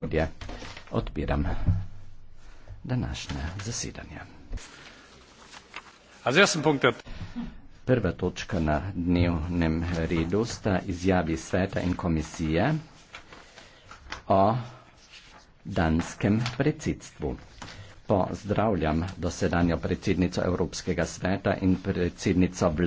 Gospodje, odpiram današnje zasedanje. A zdaj sem punktet. Prva točka na dnevnem redu sta izjavi sveta in komisije o danskem predsedstvu. Pozdravljam dosedanjo predsednico Evropskega sveta in predsednico vlade.